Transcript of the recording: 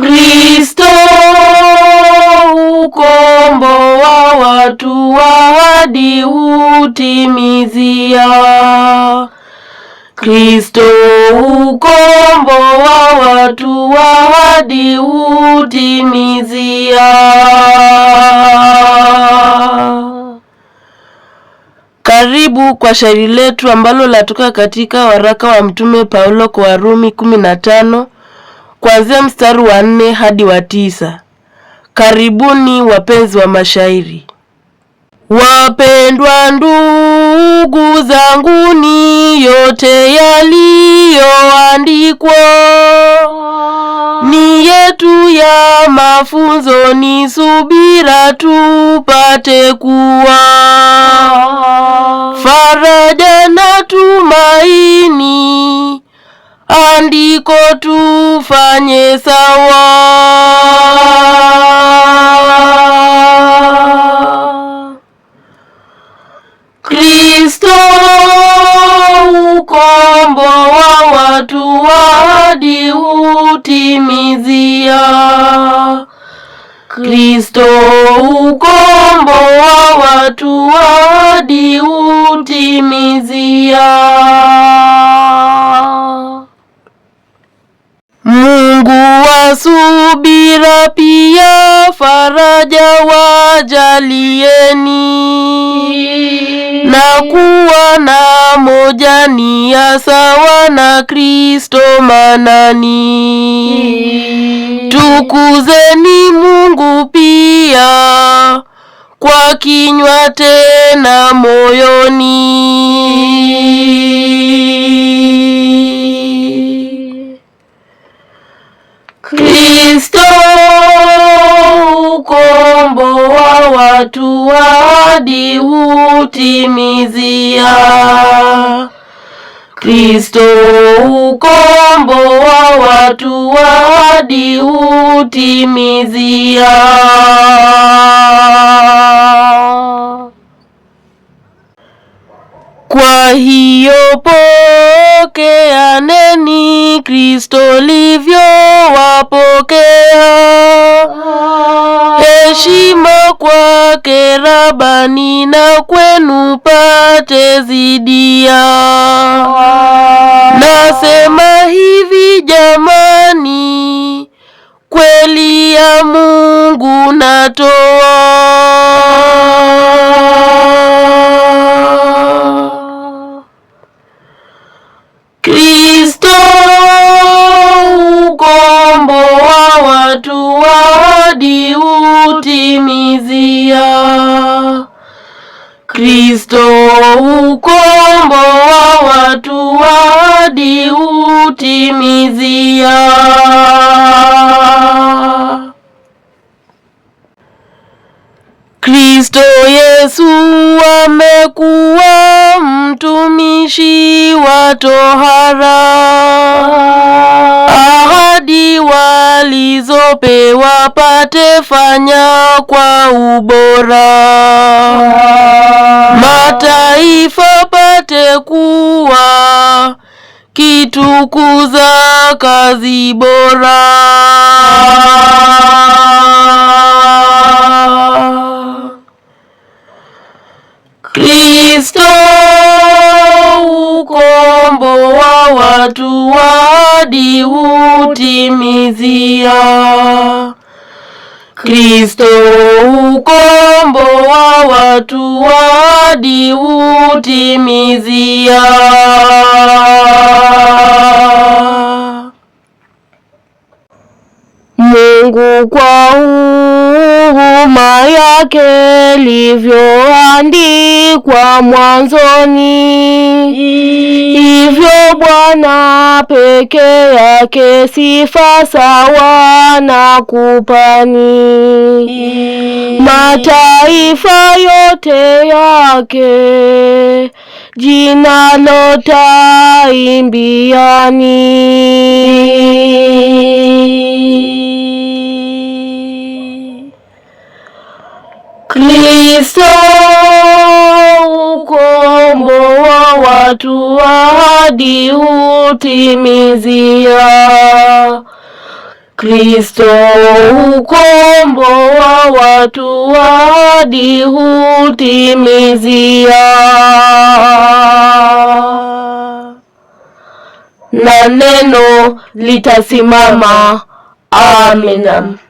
Kristo ukomboa watu hadi hutimizia. Kristo ukomboa watu wahadi hutimizia. Karibu kwa shairi letu ambalo latoka katika waraka wa Mtume Paulo kwa Warumi 15 kuanzia mstari wa nne hadi wa tisa. Karibuni wapenzi wa mashairi. Wapendwa ndugu zanguni, yote yaliyoandikwa ni yetu ya mafunzo, ni subira tupate kuwa wako tufanye sawa. Kristo ukombo wa watu wadi utimizia. Kristo ukombo wa watu wadi hutimizia. Mungu wa subira pia faraja wajalieni, na kuwa na moja ni ya sawa na Kristo manani. Tukuzeni Mungu pia kwa kinywa tena moyoni. Kristo ukomboa watu, ahadi hutimizia. Kristo ukomboa watu, ahadi hutimizia. Kwa hiyo pokeaneni Kristo livyo Baba na kwenu pate zidia. Nasema hivi jamani, kweli ya Mungu natoa kutimizia. Kristo Yesu amekuwa mtumishi wa tohara ahadi walizopewa pate fanya kwa ubora, ah. mataifa pate kuwa kitukuza kazi bora. Kristo ukombo wa watu wadi utimizia. Kristo ukombo wa watu wadi utimizia. kwa huruma yake livyoandikwa mwanzoni, hivyo Bwana peke yake sifa sawa na kupani, mataifa yote yake jina lotaimbiani. Kristo ukomboa watu hadi utimizia. Kristo ukomboa watu hadi utimizia. Na neno litasimama. Amina.